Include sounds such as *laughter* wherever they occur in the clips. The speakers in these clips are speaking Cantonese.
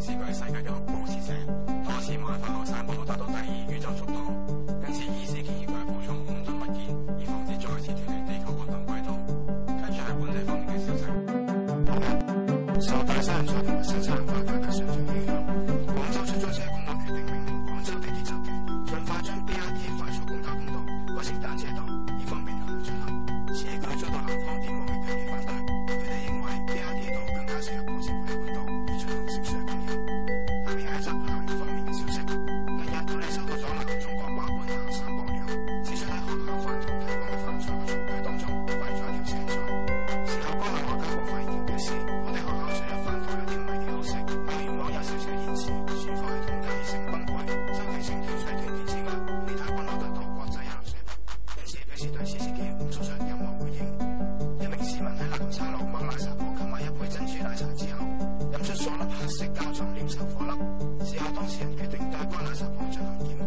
是世界世界嘅保持者，多次往返外散步，達到第二宇宙速度。因此，醫師建議佢補充空中物件，以防止再次脫離地球運動軌道。跟住係本地方面嘅消息， *music* *music* *music* 之後，飲出兩粒黑色膠狀黏稠顆粒，事後當事人決定帶杯奶茶去進行檢。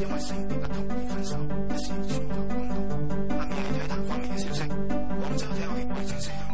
因為性別不同而分手，一時全球轟動。下面係其他方面的消息：廣州體育天氣為晴。